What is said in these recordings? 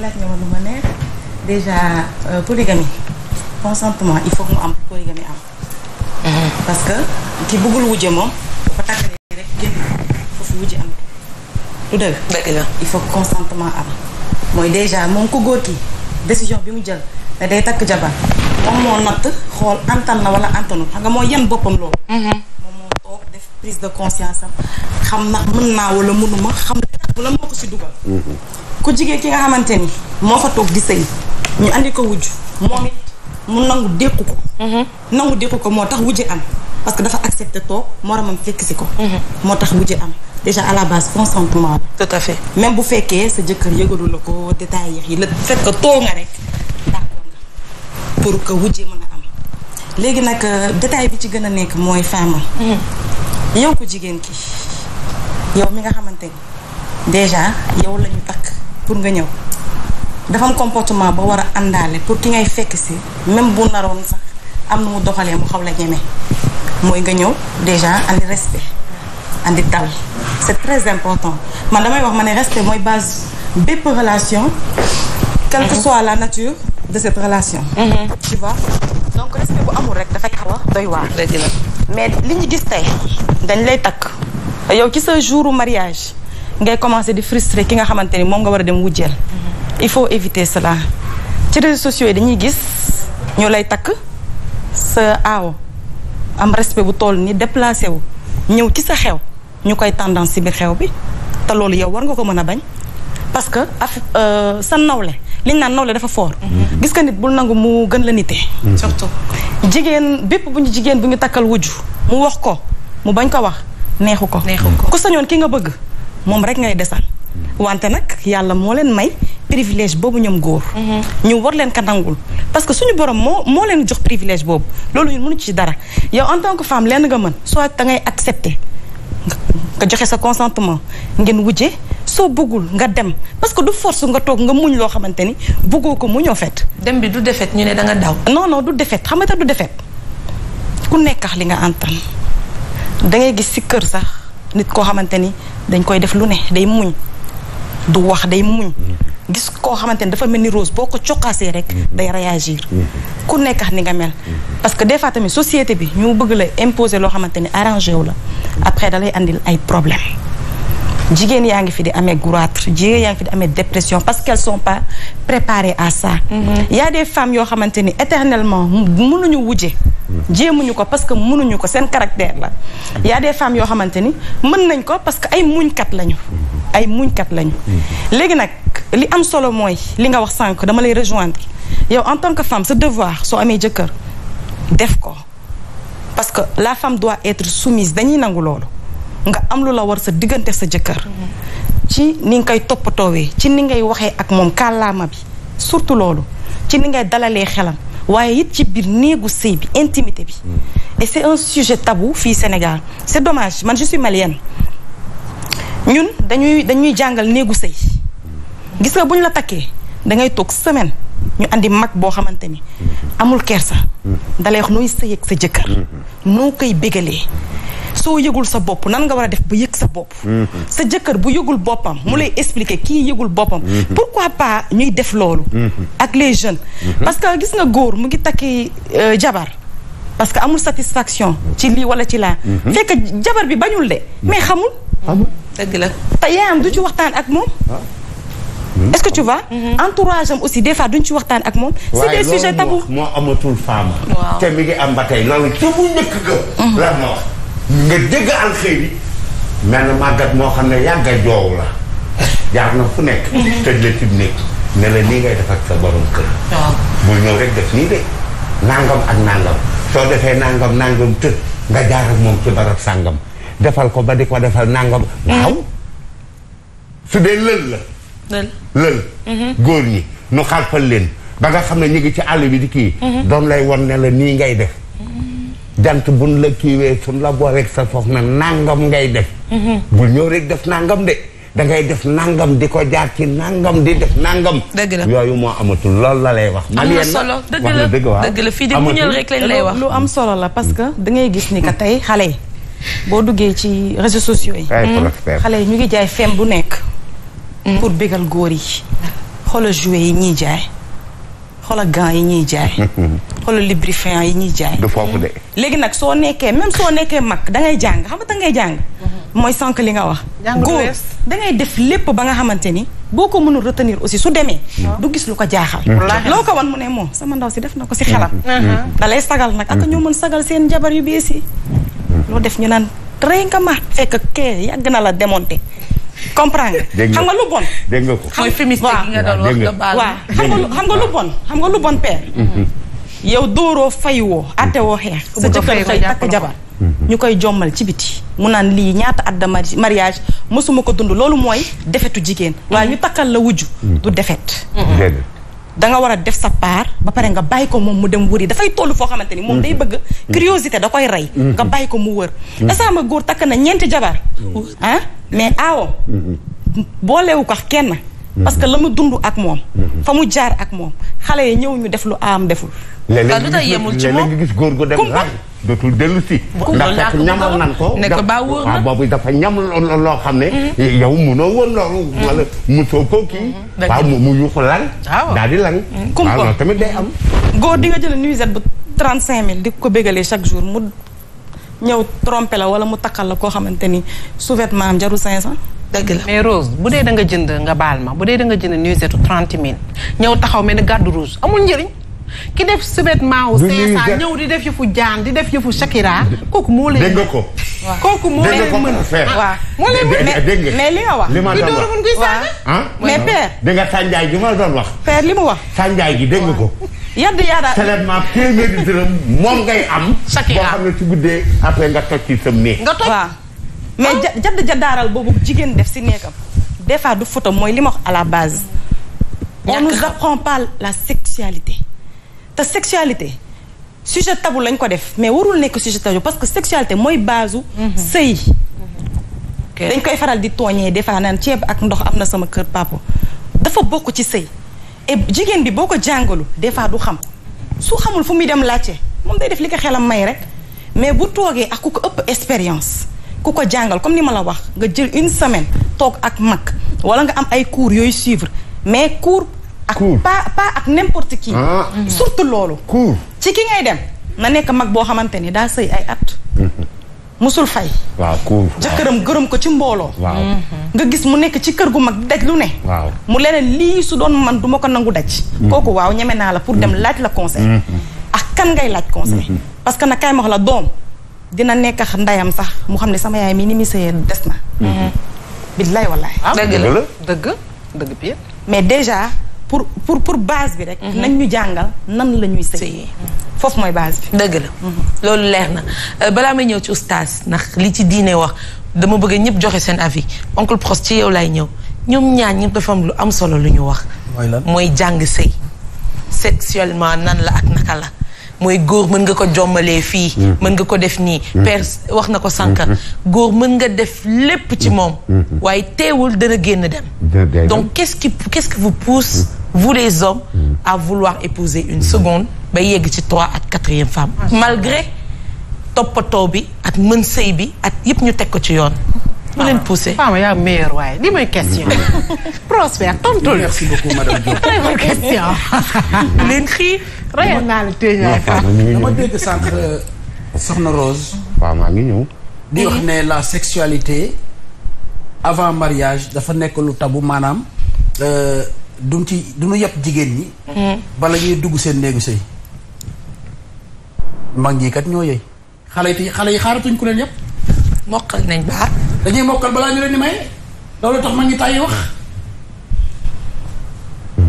laaj nga ma lu ma neex déjà euh, polygamie consentement mu am polygamie am. Mm-hmm. parce que ki bëggul wujje moom ba tàggalee am mooy déjà moom góor ki décision bi mu jël day takk jabar moo natt xool antan na wala antanul xam nga moo yem boppam loolu. Mm-hmm. moom moo def prise de conscience am xam na mën naa wala mënuma xam wala moo ko si dugal. Mm-hmm. ko jigéen ki nga xamante ni moo fa toog di sëy ñu indi ko wujj moom it mu nangu dékku ko mhm. nangu dékku ko moo tax wujje am parce que dafa accepté toog moromam fekk si ko mhm. moo tax wujje am déjà à la base consentement la tout fait même bu fekkee sa jëkkër yëgalu la ko détail yi la fekk toog nga rek d'accord nga pour que wujje mën a am léegi nag euh, détail bi ci gën a nekk mooy femme mhm. yow ko jigéen ki yow mi nga xamante ni déjà yow la takk pour nga ñëw dafa am comportement ba war a àndaale pour ki ngay fekk si même bu naroon sax am na mu doxalee mu xaw la ñeme mooy nga ñëw déjà andi respect andi dal c'est très important man damay wax ma ne respect mooy base bépp relation quelle que mhm. soit la nature de cette relation mhm. tu donc respect rek dafay xaw a doy mais li ñu gis tey dañ lay takk yow ci sa jouru mariage ngay commencer di frustrer ki nga xamante ni moom nga war a dem wujjeel il faut éviter cela ci réseaux sociaux yi dañuy gis ñoo lay takk sa aawo am respect bu toll ni déplacé wu ñëw ci sa xew ñu koy tendance ci biir xew bi te loolu yow war nga ko mën a bañ parce que af euh, sa nawle liñ naan nawle dafa foor mhm. gis nga nit bul nangu mu gën la nitee mhm. surtout jigéen bépp bu ñu jigéen bu ñu takkal wujju mu wax ko mu bañ ko wax neexu ko ku ñoon ki nga bëgg moom rek ngay desal wante nag yàlla moo leen may privilège boobu ñoom góor mhm. ñu war leen ka nangul parce que suñu borom moo moo leen jox privilège boobu loolu ñun mënu ci dara yow en tant que femme lenn nga mën soo da ngay accepter nga joxe sa consentement ngeen wujje soo buggul nga dem parce que du force nga toog nga muñ loo xamante ni bëggoo ko mu muñoo fet dem bi du defet ñu ne da nga daw non du defet xamata du defet ku nekkax li nga antan da ngay gis si kër sax nit koo xamante ni dañ koy def lu ne day muñ du wax day muñ gis koo xamante ni dafa mel ni Rose boo ko coqaasee rek day réagir ku nekk ni nga mel parce que des fois tamit société bi ñu bëgg la imposer loo xamante ni arrangé wu la après dalay indil ay problème jigéen yaa ngi fi di amee goitre jigéen yaa ngi fi di amee dépression parce qu'elles sont pas préparées à ça mm-hmm. y a des femmes yoo xamante ni éternellement mënuñu wujje jéemuñu ko parce que munuñu ko seen caractère la y a des femmes yoo xamante ni mën nañ ko parce que ay muñkat lañu mm-hmm. ay muñkat lañu mm-hmm. léegi nag li am solo mooy li nga wax sànq dama lay rejoindre yow en tant que femme sa devoir soo amee jëkkër def ko parce que la femme doit être soumise dañuy nangu loolu nga am lu la war sa diggante sa jëkkër ci ni nga koy toppatoowee ci ni ngay waxee ak moom kàllaama bi surtout loolu ci ni ngay dalalee xelam waaye it ci biir néegu sëy bi intimité bi et c'est un sujet tabou fii Sénégal c'est domage man je suis malienne ñun dañuy dañuy jàngal néegu sëy gis nga bu ñu la takkee da ngay toog semaine ñu indi mag boo xamante ni amul kersa. Mm-hmm. dalay wax nooy sëy ak sa jëkkër mm-hmm. noo koy béggalee soo yëgul sa bopp nanga nga war def ba yëg sa bopp mhm. sa jëkkër bu yëgul boppam mu lay expliquer kii yëgul boppam mhm. pourquoi pas ñuy def loolu mhm. ak les jeunes parce que gis na góor mu ngi takki euh, jabar parce que amul satisfaction ci lii wala ci laa fekk jabar bi bañul de mais xamul dëgg la te yaayam du ci waxtaan ak moom ah. est-ce que tu vois. entourage aussi des fois duñ ci waxtaan ak moom. c'est des sujets tabous waaye loolu moo amatul femme. te mi ngi am ba tey loolu te mu nga dégg alxëyri mel na màggat moo xam ne yàgg a joow la jaar na fu nekk tëj la cib nekk ne la nii ngay def ak sa borom kër bul ñëw rek def nii de nangam ak nangam soo defee nangam nangam të nga jaar moom ci barab sàngam defal ko ba di ko defal nangam waaw su dee lël la lël mhm. góor ñi nu xalfal leen ba nga xam ne ñu ngi ci àll bi di kii mhm. doom lay won ne nii ngay def mhm. jant buñ la kiiwee suñ la boo rek sa soxna nangam ngay def mhm. bul ñëw rek def nangam de da ngay def nangam di ko jaar ci nangam di def nangam dëgg la yooyu moo amatul loolu la lay wax am na solo dëgg la dëgg la fii di rek lañ lay wax lu am solo la parce que da ngay gis ni ka tey xale yi boo duggee ci réseaux sociaux yi xale yi ñu ngi jaay fem bu nekk mm. pour bégal góor yi xoolal jouet yi ñiy jaay xoolal gants yi ñuy jaay. xoolal lubrifiant yi ñuy jaay. du foofu léegi nag soo nekkee même soo nekkee mag dangay jàng xam nga dangay jàng. Mm-hmm. mooy sànq li nga wax. góor dangay def lépp ba nga xamante ni. boo ko mënul retenir aussi su demee. Mm-hmm. du gis lu ko jaaxal. Mm-hmm. loo ko wan mu ne moom sama ndaw si def na ko si xelam. da lay sagal nag ak ñoo mën sagal seen jabar yu bees yi. loo def ñu naan rey nga ma fekk kee yàgg na la démonté. comprendre nga xam nga lu bon. ko mooy féministe gi xam nga lu xam nga lu bon xam nga lu bon père. Mhm. yow dóoroo faywoo attewoo xeex. sa jëkkër xëy takk jabar ñu koy jommal ci biti mu naan lii ñaata at de mariage mosuma ko dund loolu mooy defetu jigéen waaye ñu takkal la wujju mhm. du defet mhm. danga war a def sa part ba pare nga bàyyi ko moom mu dem wëri dafay toll foo xamante ni moom day bëgg curiosité da koy rey nga bàyyi ko mu wër asaama góor takk na ñeenti jabar mais aawo boolewu ko kenn parce que la mu dund ak moom fa mu jaar ak moom xale yi ñëw ñu def lu aam deful léeg-léeg nga gis góor gu dem raay dootul dellu si ndax ñamal nan ko boobu dafa ñamal loo xam ne mhm. yow munoo woon loolu mhm. wala mosoo koo kii waaw mu yuuxu lan daal di lan waaw loolu tamit day am góor di nga jël nuisette bu trente cinq mille di ko bégalee chaque jour mu ñëw trompé la wala mu takkal la koo xamante ni sous-vêtement am jarul 500. dëgg la mais Rose bu dee da nga jënd nga baal ma bu dee da nga jënd nuisette 30 000 ñëw taxaw mel ni gàddu rouge amul njëriñ. ki def sous-vêtement wu ñëw di def yëfu jaan di def yëfu Shakira kooku moo leen. dégg nga ko kooku moo leen mën waaw moo leen mën mais li nga li ma doon wax kuy saaga. mais père. dégg nga sànjaay gi ma doon wax. père li mu wax. sànjaay gi dégg nga ko. yàdd yàlla seulement moom ngay am. chaque boo xam ne su nga toj ci sa néeg. nga toj waaw mais ah. jadd jaddaaral boobu jigéen def si nekkam des fois du photo mooy li ma wax à la base. on nous apprend pas la sexualité. te sexualité sujet tabou lañ ko def mais warul nekk sujet tabou parce que sexualité mooy base su. Mhm. sëy dañ koy faral di tooñee des fois naan ceeb ak ndox am na sama kër papa dafa bokk ci sëy et jigéen bi boo ko jàngalu des fois du xam su xamul fu muy dem laajte moom day def li ko xelam may rek mais bu toogee ak ku ko ëpp expérience ku ko jàngal comme ni ma la wax nga jël une semaine toog ak mag wala nga am ay cour yooyu suivre mais cour ak pas pas ak n'importe qui ah. surtout loolu cours ci ki ngay dem na nekk mag boo xamante ni daal sëy ay at musul fay. waaw ku jëkkëram gërëm ko ci mbooloo. waaw mm-hmm. nga gis mu nekk ci kër gu mag daj lu ne. waaw mu leneen lii su doon man du ma ko nangu daj. Mm-hmm. kooku waaw ñeme naa la pour dem mm-hmm. laaj la conseil. ak ah, kan ngay laaj conseil. parce que nag kay ma la doom dina nekk ndeyam sax mu xam ne sama yaay mi ni mi sëyee des na. billaay wallaay. Ah, dëgg la dëgg dëgg mais déjà. pour pour pour base bi rek. Mhm. nañ ñu jàngal nan la ñuy sëyee. foofu mooy base bi. dëgg la. Mhm. loolu leer na euh, balaa may ñëw ci oustaz ndax li ci diine wax dama bëgg ñëpp joxe seen avis oncle Pros ci yow laay ñëw ñoom ñaar ñëpp dafa lu am solo lu ñu wax. mooy mooy jàng sëy. sexuellement nan la ak naka la. mooy góor mën nga ko jommalee fii mm-hmm. mën nga ko def nii mm-hmm. père wax na ko sànq mm-hmm. góor mën nga def lépp ci moom waaye teewul dana génn dem donc qu'est-ce qui qu'est-ce qui vous pousse vous les hommes à vouloir épouser une seconde ba yegg ci trois ak quatrième femme malgré toppatoo bi ak mën sëy bi ak yëpp ñu teg ko ci yoon bu leen poussé waaw ah, yaa meilleur waaye li mooy question. Prospère tontu merci beaucoup très bonne question. leen xii. rayon naa la téye ñaari fa dama dégg sànq euh, Soxna Rose. waaw ngi ñëw. di wax ne la sexualité avant mariage dafa nekk lu tabu maanaam euh, duñ ci duma yëpp jigéen ñi. Hmm. bala ñuy dugg seen néegu sëy. mag ñi ñoo yey. xale yi xale yi xaaratuñ ku leen yëpp. mokkal nañ baar. dañuy mokkal balaa ñu leen di may loolu tax ma ngi tàyyi wax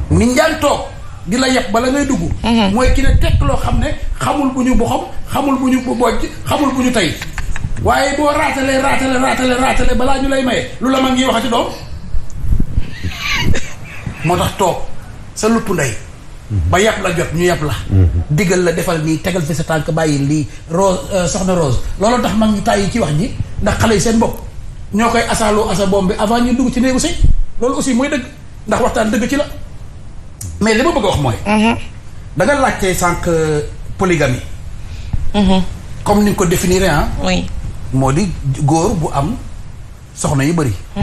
ni njaan toog di la yeb bala ngay dugg mhm. mooy ki ne tekk loo xam ne xamul bu ñu boxam xamul bu ñu bojj xamul bu ñu tey waaye boo raatale raatale raatale raatale balaa ñu lay maye lu la ma ngi waxati doom moo tax toog sa lupp ndey ba yàpp la jot ñu yàpp la mhm. digal la defal nii tegal fi sa tànk bàyyi lii rose euh, soxna rose loolu tax mag ñi tàyyi ci wax ji ndax xale yi seen bopp ñoo koy asaaloo asa boom bi avant ñuy dugg ci néegu sëy loolu aussi mooy dëgg ndax waxtaan dëgg ci la mais li ma bëgg a wax mooy. Mhm. da nga laajtee sànq euh, mhm. comme ni ko définir ah. oui moo di góor bu am soxna yu bëri.